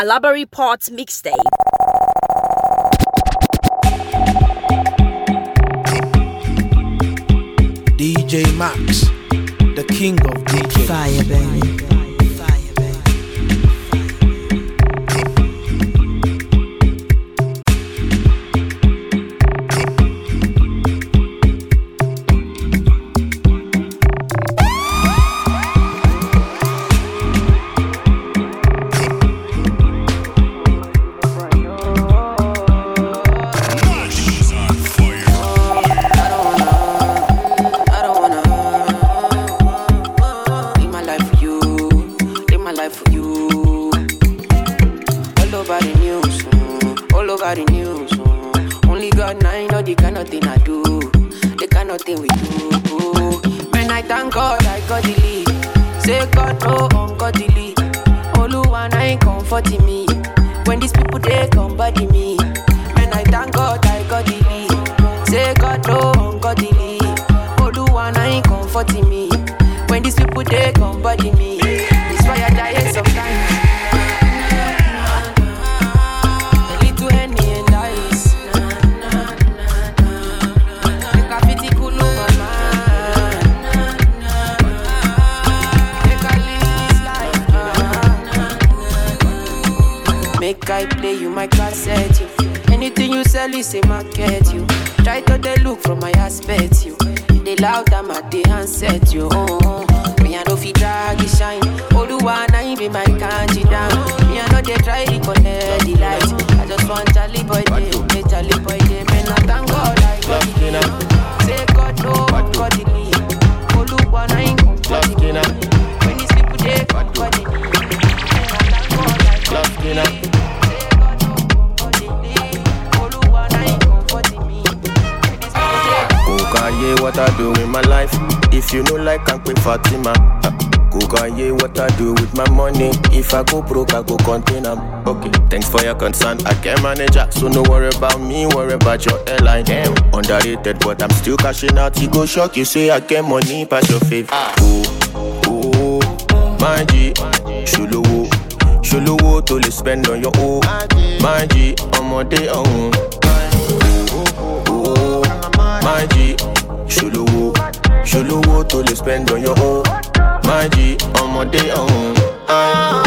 Alabari Port mixtape. DJ Max, the king of DJ. Fire, baby. guy play you, my car set you. Anything you sell is a market you. Try to they look from my aspect you. They loud I'm at the handset you. Oh, oh. Me and know fi drag it shine. Oluwa na be my country down. Me and know they try to connect the light. I just want Charlie boy day, hey Charlie boy day. Me not thank God I got it. Say God no, God in me. Oluwa na in God in me. When these people they God in me. Me not thank God I got it. what I do in my life. If you know like, I'm quick Fatima. Go Kanye, what I do with my money. If I go broke, I go contain them. Okay, thanks for your concern. I can manage so no worry about me, worry about your airline. Damn, underrated, but I'm still cashing out. You go shock, you say I get money, pass your favor. Ah. Oh, oh, my G, Shulowo, Shulowo to spend on your own. My G, ọmọdé ọ̀hún. Oh, oh, oh, my G ṣolówó ṣolówó tó lè spend on your own my g on ọmọdé ọ̀hún.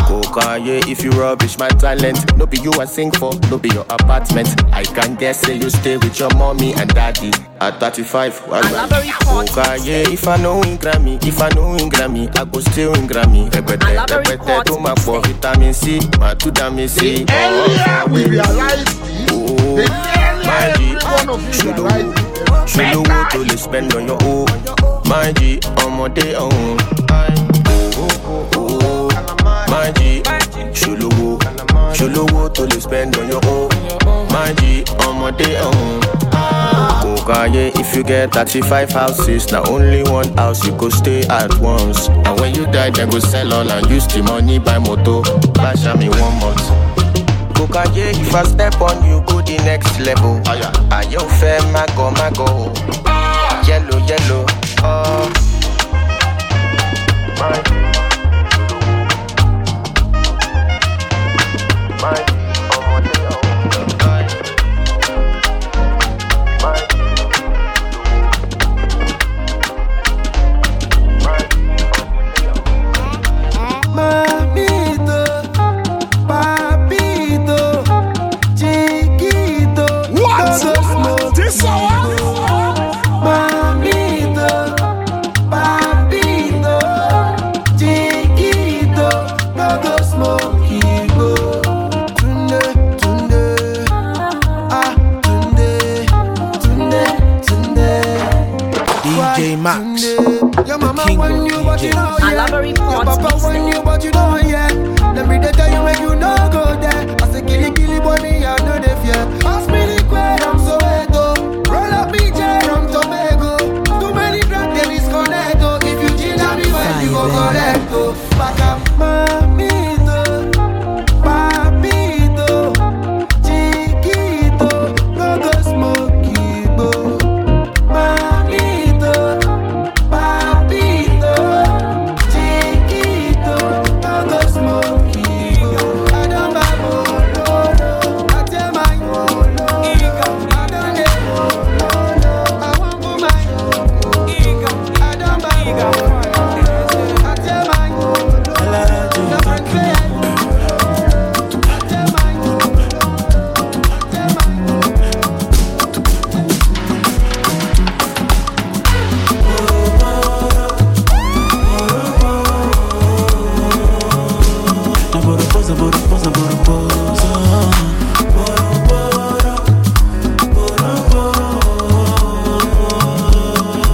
Kò káyé if you rubbish my talent. No be you I sing for, no be your apartment. I can guess say you stay with your mommy and daddy. At 35, I well, Kò káyé if I know in Grammy, if I know in Grammy, I go still in Grammy. Rẹpẹtẹ rẹpẹtẹ tó máa pọ̀ vitamin C, máa tún dá mi sí. Ẹ̀yà we realize this. Oh, my G, ṣòdòwò. Show the to the spend on your own. My G, I'm on day own. My G, show the show the to spend on your own. My G, I'm on day own. Okaye, if you get 35 houses, now only one house you go stay at once. And when you die, then go sell all and use the money buy motor. Bash me one month if I step on you, go the next level. Ayo, fair, my go, my go. Yellow, yellow, oh. very poor.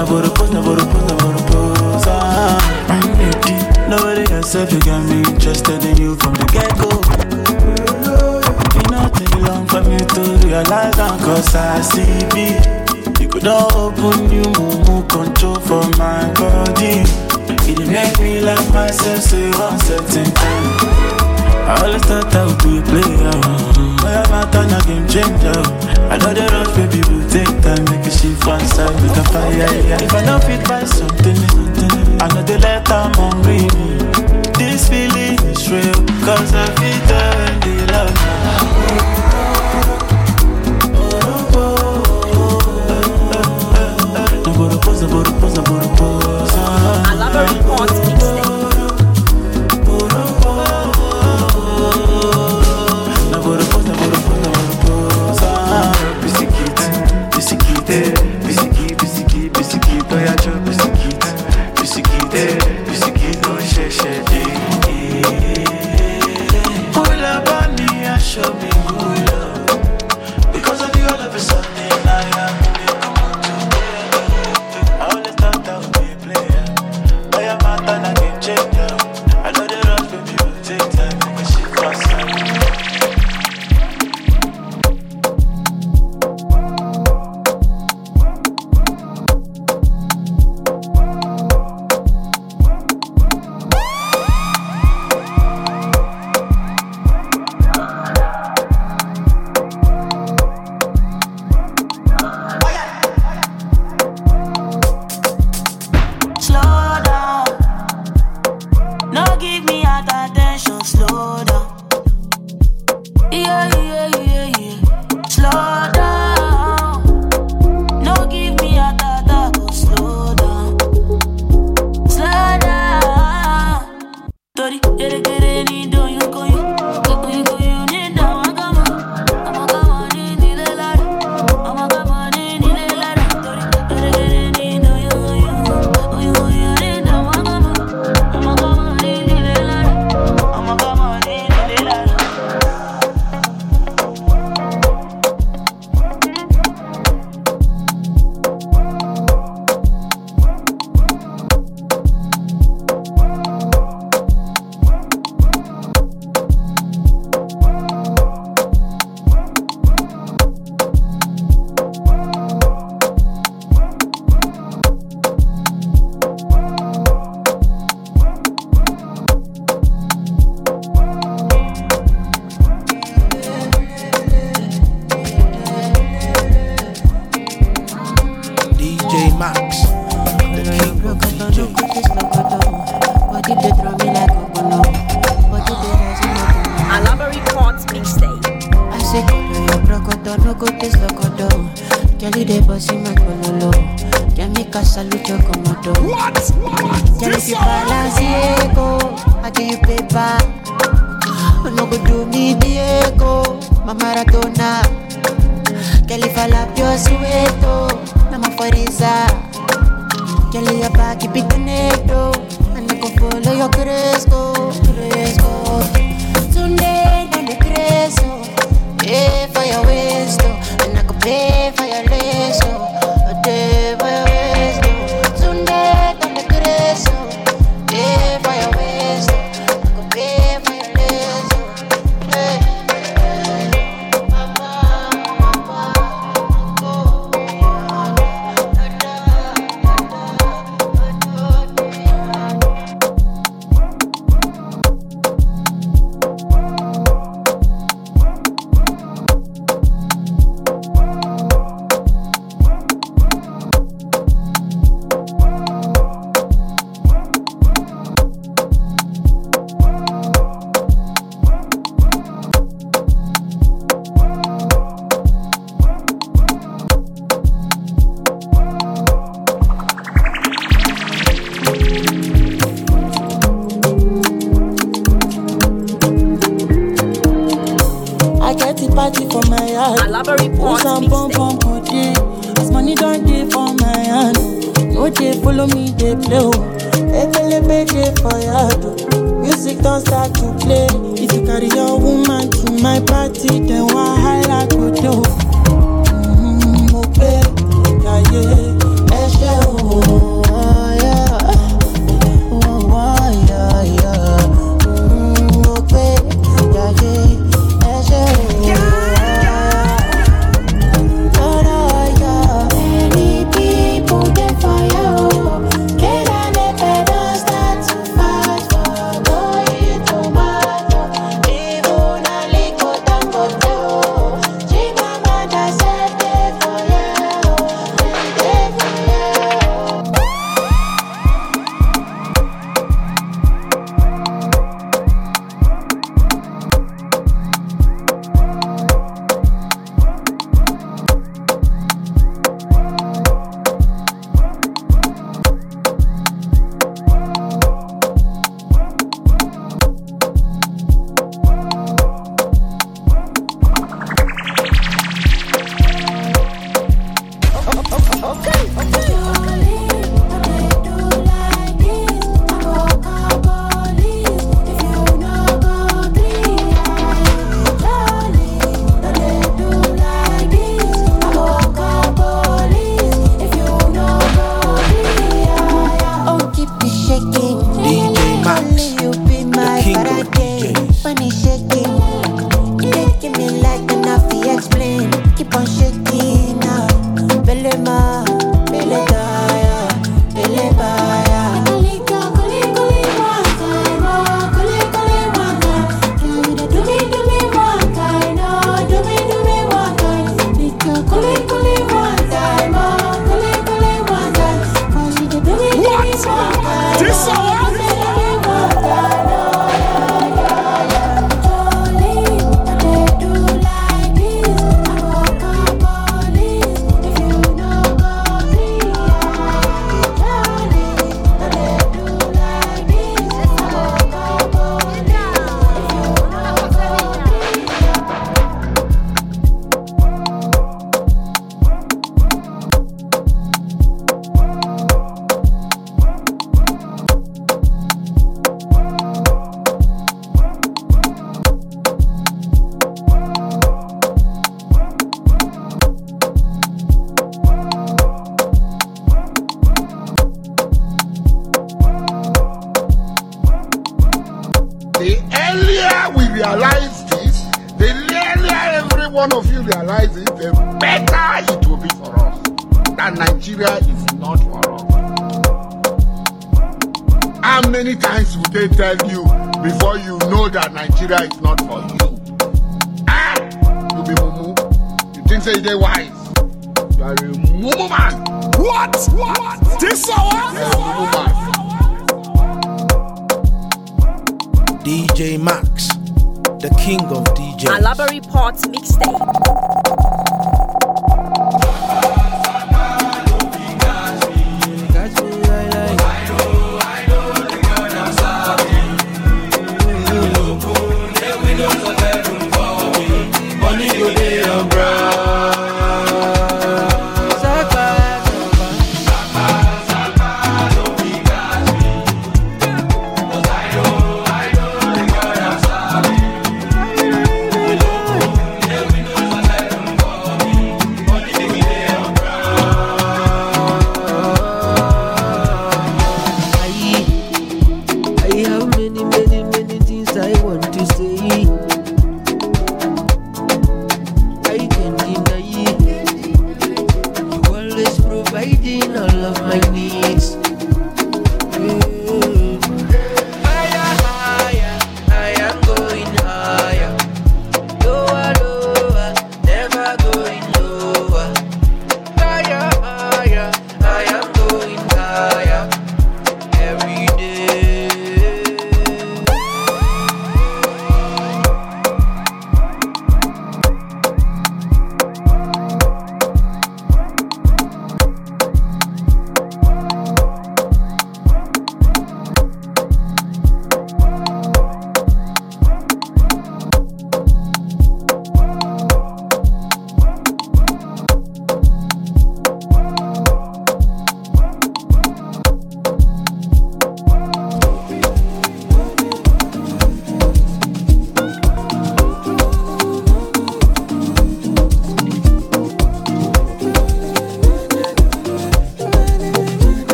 Never repose, never repose, never repose. Ah, I'm ready. Nobody yourself, you got me interested in you from the get go. It not take long for me to realize now, cause I see it. You could not open you, move, control for my body. It make me like myself, say one certain time. All the stuff oh. I would be a player. Wherever I turn, a game changer. Oh. I know the rush, baby, will take time. Make a shift one side, make a fire. Yeah. If I don't by something, I know the letter I'm hungry. This feeling is real, cause I feel the love.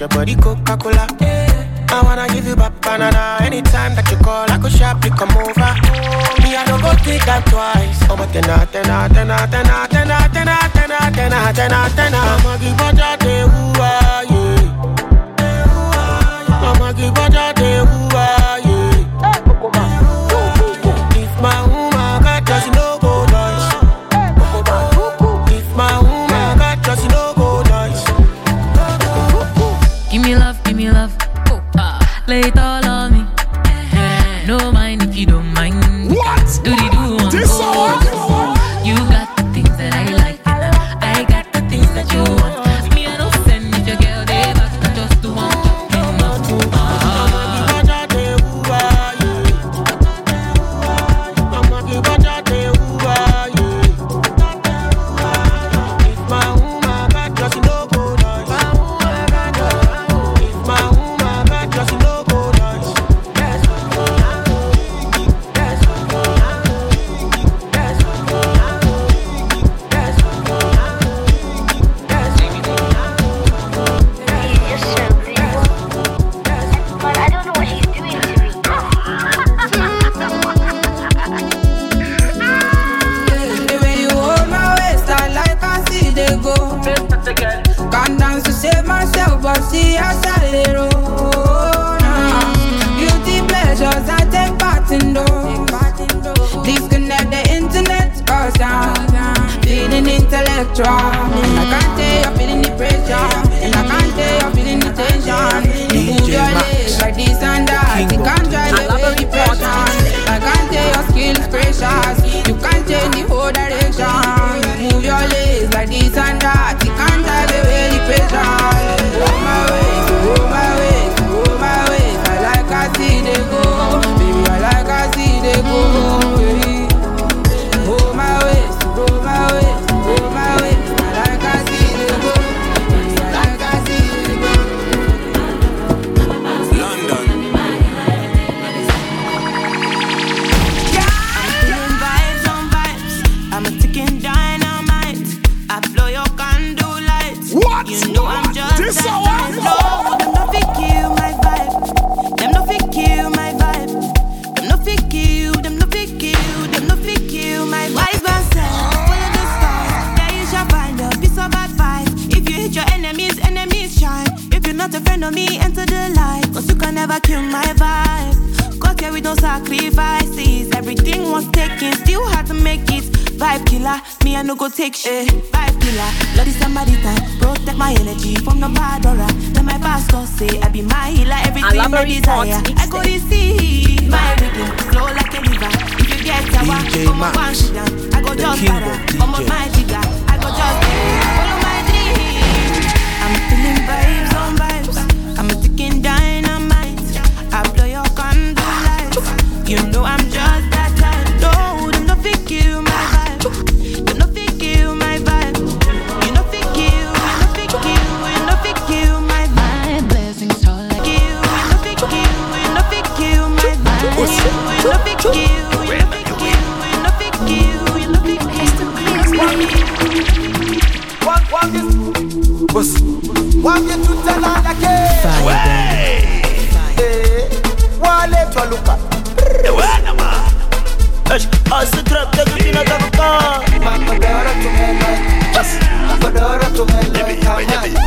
your body Coca-Cola. I wanna give you back banana anytime that you call. I could sharply come over. Me, I don't go think that twice. Oh, but tena, tena, tena, tena, tena, tena, tena, tena, tena, tena. I'ma give her that day, ooh, take shit. Five pillar, bloody somebody time. Protect my energy from the bad aura. Then my pastor say I be my healer. Everything I desire. I go to see my rhythm flow like a river. If you get a walk, come on, punch down. I go just para. I'm on my jigger. wambie tutalala wale twaluka السكرة تقبلنا تبقى ما قدرت من ما قدرت من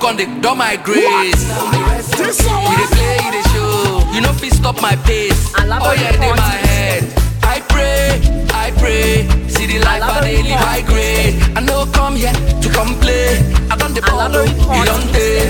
look on the door my grace. This you dey play, you dey show. You no fit stop my pace. Oh yeah, dey my head. I pray, I pray. See the life I dey live, I grade. I no come here to complain. I don dey ball, you don dey.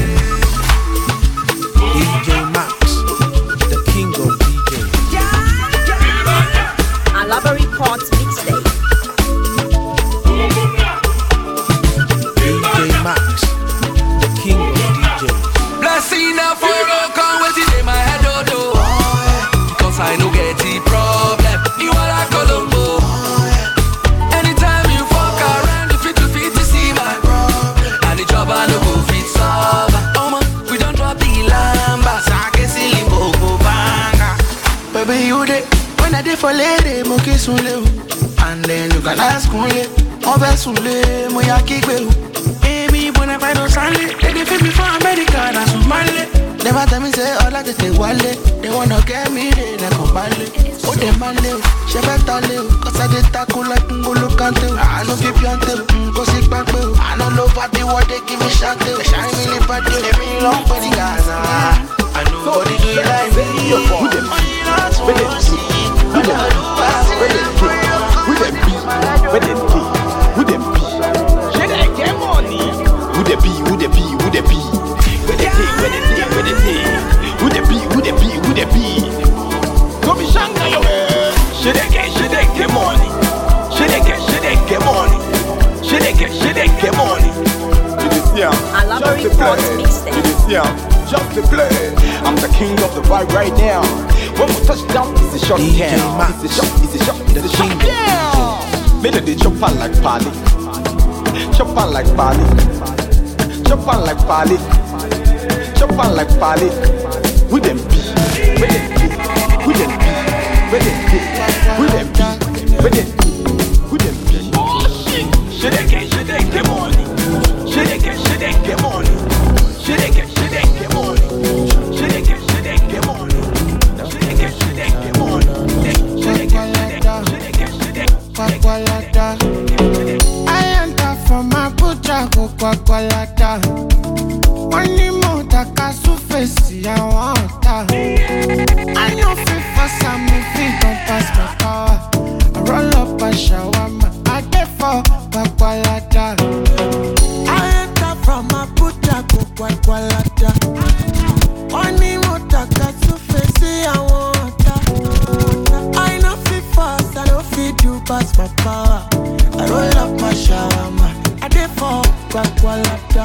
oléré mo ké sunlé o and then you gala sunlé wọn fẹ́ sunlé mo yà kígbe o. èmi bọ̀nà pàdé sálé èdè fífi fún amẹ́ríkà náà sùn máa never tell me say ọlá tètè wálé they wanna get me re lẹ́kọ̀ọ́ bá lé. ó dé máa lé o ṣe fẹ́ ta lé o kọ́sádé takò lẹ́kùn olókànté o àánú fífi ọ̀ǹtẹ̀ o kò sí pápẹ́ o àánú ló bá dé wọ́dé kí mi ṣáàtẹ̀ o ṣáà mi ní bá dé o èmi de o emi love. yeah, jump the play. I'm the king of the vibe right now. When we touch down, it's a shot down. It's a shot, it's a shot, it's a shot down. Melody chopper like Pali, chopper like Pali, chopper like Pali, chopper like Pali. We them be, we them be, we them be, we them be, we them be, we them be. I enter from Abuja go kwakwalata. Wọ́n ní mo tàka súnfẹ̀ sí I no fit fast, I no fit do pass my power. I roll up my shawarma, I dey for kwakwalata.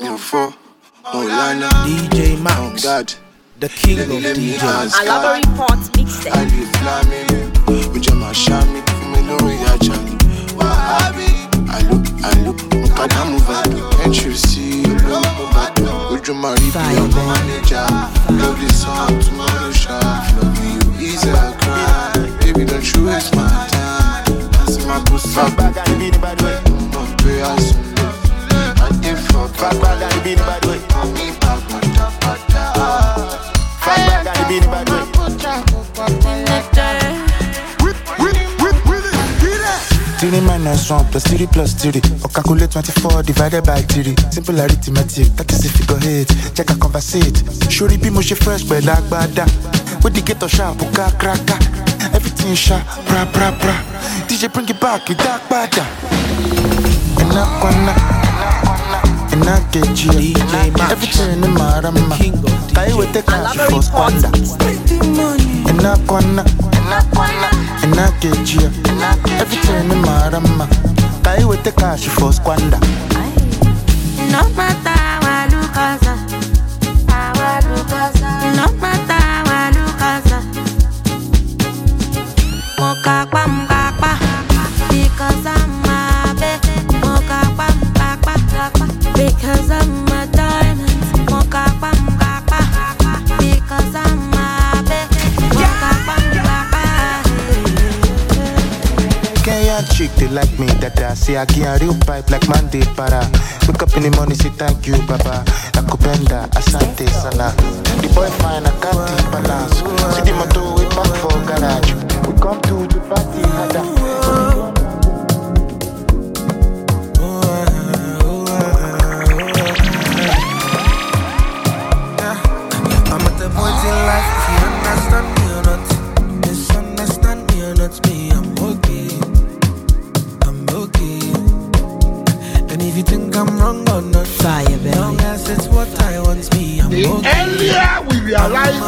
Mi ò fọ́ Ọ̀lànà. DJ Max. Oh the king of DJs. Alabari Port Mixtape. Marie, Fire. 1 plus 3 plus 3 Or calculate 24 divided by 3 Simple arithmetic, that is if you go hit Check a conversate Surely be mo ṣe fresh pẹ̀lú agbada With the ghetto sharp, ka kraka Everything sharp, pra pra pra DJ bring it back, you dark bada Ina kwana Ina keji Everything in marama Kaiwe te cash for squander Ina kwana Ina kwana na kejia everything mara mma with the cash for squander no matter like me, dada. See, I get a real pipe like Monday, para. Wake up in the morning, say thank you, baba. Nakupenda, asante sala. The boy fine, I can't balance. See the motor we back for garage. realize every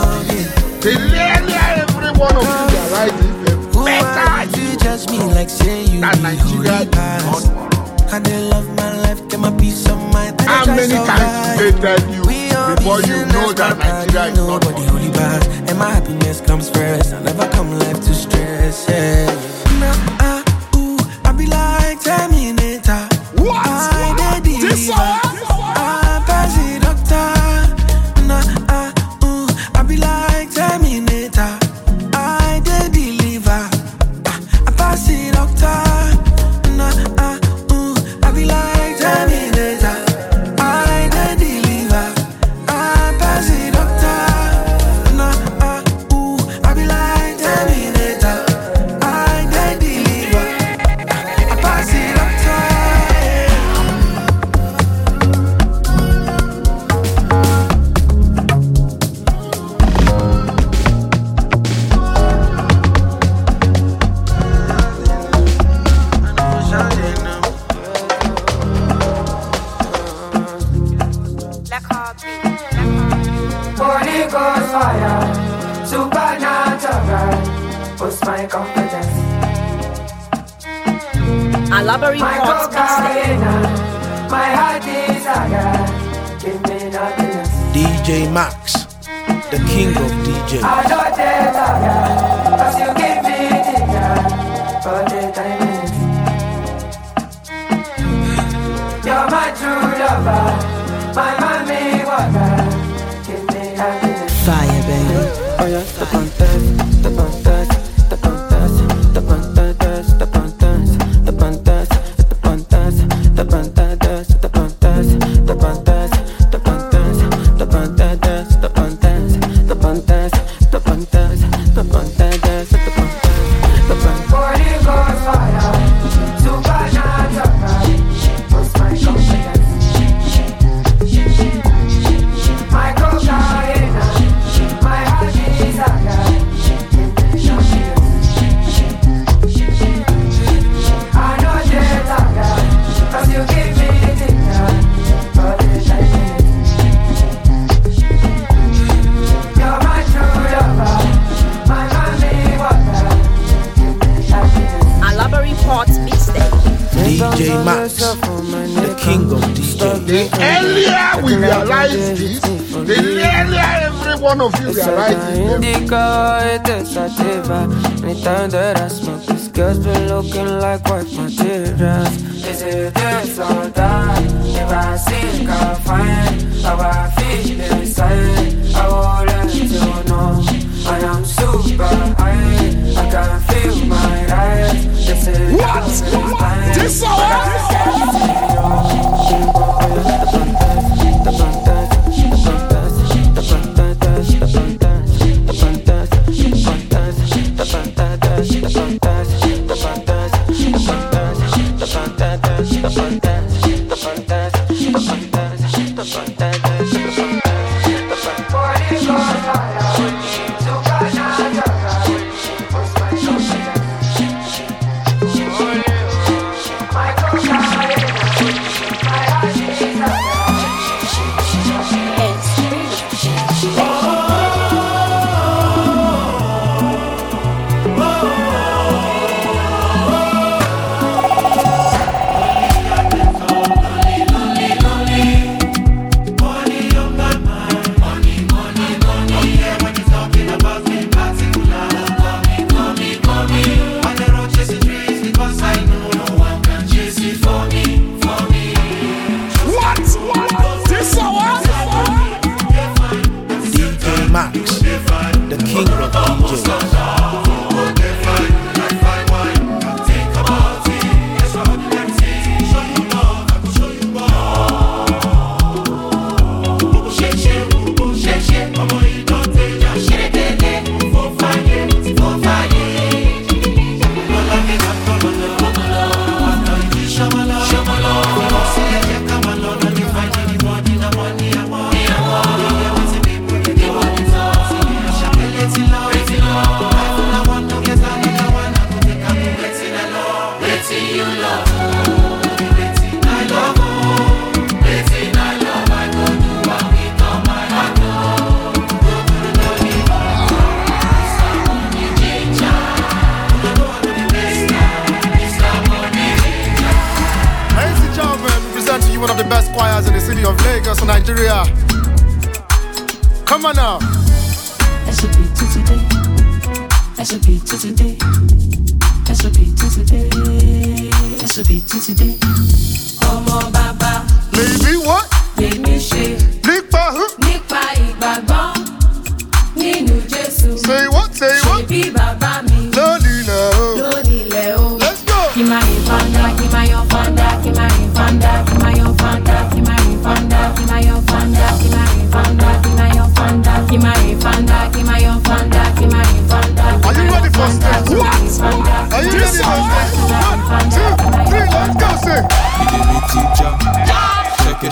one of you realize it, better you like say you Nigeria I love my life, get my peace of mind. How many times they tell you before you know that Nigeria is not nobody holy bad, and my happiness comes first. I never come to stress. Yeah. You're my true lover.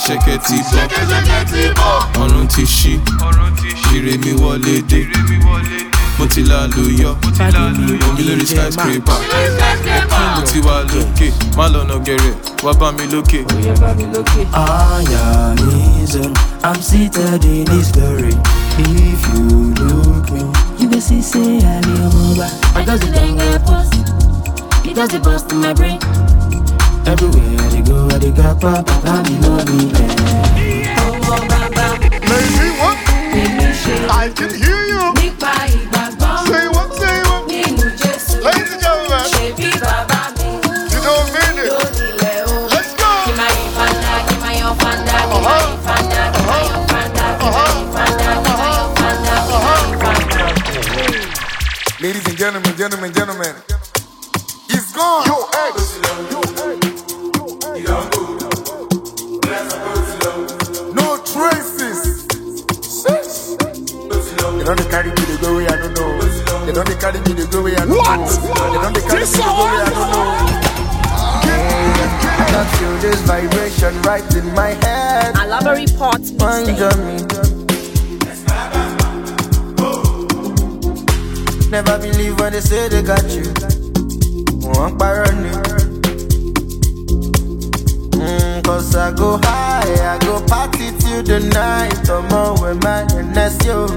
ṣẹ̀kẹ̀ ti bọ̀ ọ̀run ti ṣí ire mi wọlé dé mo ti la lu omi lórí skyscraper mo ti wà lókè má lọ́nà gẹ̀rẹ̀ wá bá mi lókè. àyà mi zoro i'm seated in this glory if you look me you go see say i be ọmọ ọba. i just dey dangle It e just dey burst my brain. Everywhere they go, they got pop, and you know me, baba. Baby, what? I can hear you. Say what, say what? Ladies and gentlemen, you mean it. Let's go. Uh-huh. Uh-huh. uh-huh. uh-huh. Ladies and gentlemen, gentlemen, gentlemen. They don't carry me the go I don't know. They don't carry me the go I don't what? know. They don't carry me the go I don't know. I feel this vibration right in my head. I love a report. Never believe when they say they got you. One paranoid. Mm, Cause I go high, I go party till the night. Come on, where my next yo.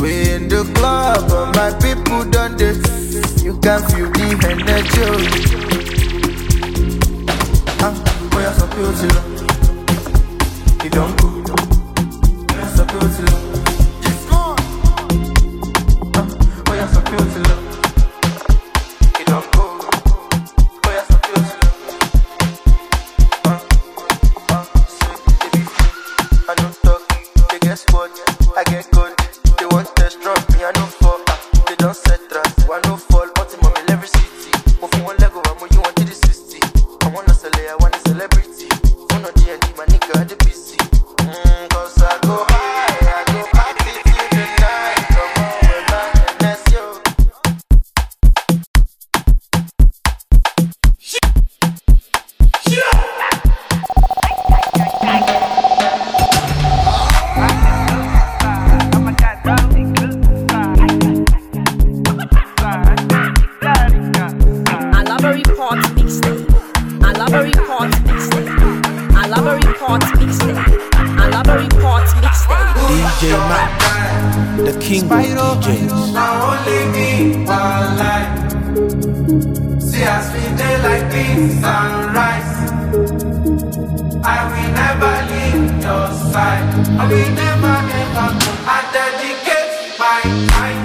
We in the club, but my people done this. You can feel the energy. Ah, boy, I'm so beautiful. love library port mixtape. A report library I love A report port mixtape. DJ Mac, the king Spider of DJs. Now only me my life. See us we day like this sunrise. I will never leave your side. I will never ever go. I dedicate my time.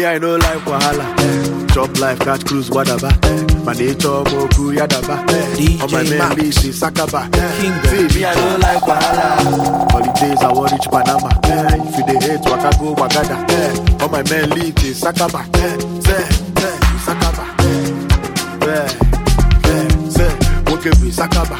Me, I know life wahala. Chop life, catch cruise, wadaba. My nature, boku, yadaba. DJ On my man, Lishi, Sakaba. Eh. See, me, I know life wahala. Holidays, I want reach Panama. If you dey hate, waka go, wagada. All my men Lishi, Sakaba. Eh. Say, say, Sakaba. Eh. Say, Sakaba.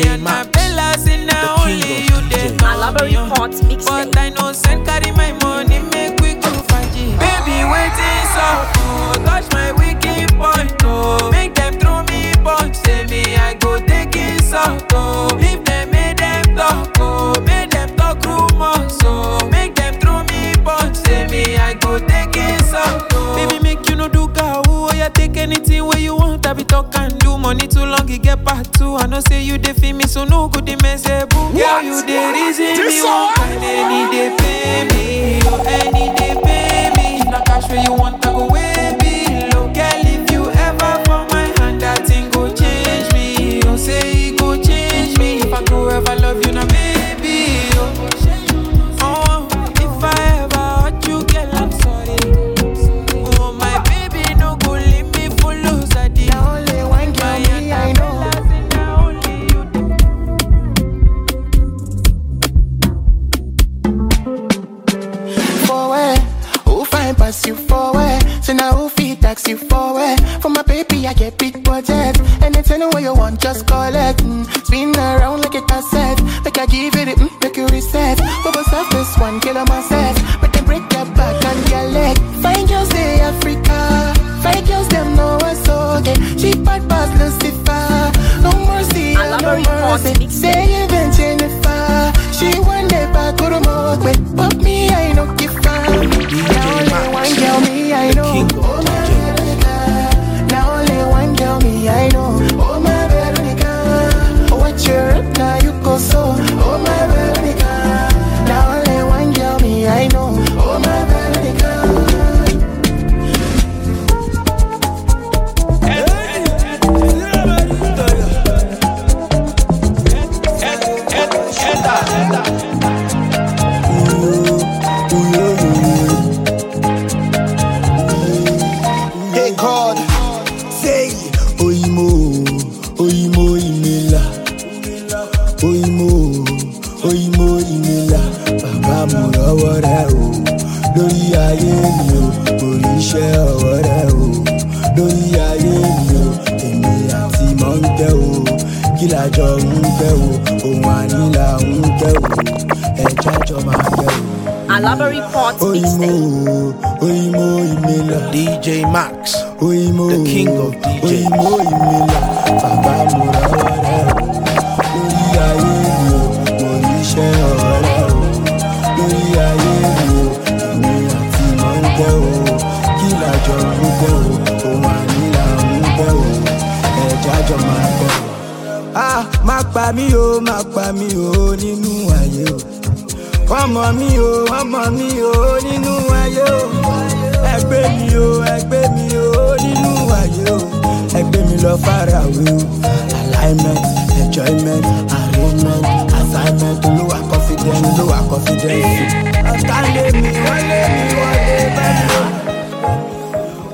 DJ Max, my bellas the only you DJ. Malabary Pot Mixtape. But I know mi o máa pa mi o nínú ayé o ọmọ mi o ọmọ mi o nínú ayé o ẹgbẹ́ mi o ẹgbẹ́ mi o nínú ayé o ẹgbẹ́ mi lọ fara we o alignment enjoyment arrangement assignment olúwa confidence olúwa confidence ọ̀tá lé mi wọ́n lé mi wọ́n lé bẹ́ẹ̀ mi.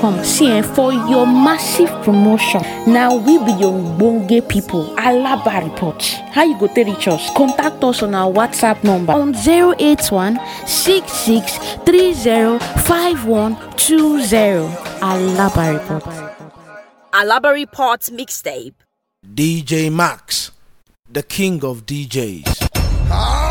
for your massive promotion now we be your bonge people alaba report how you go take reach us contact us on our whatsapp number on 081 alaba report alaba report mixtape dj max the king of djs ah!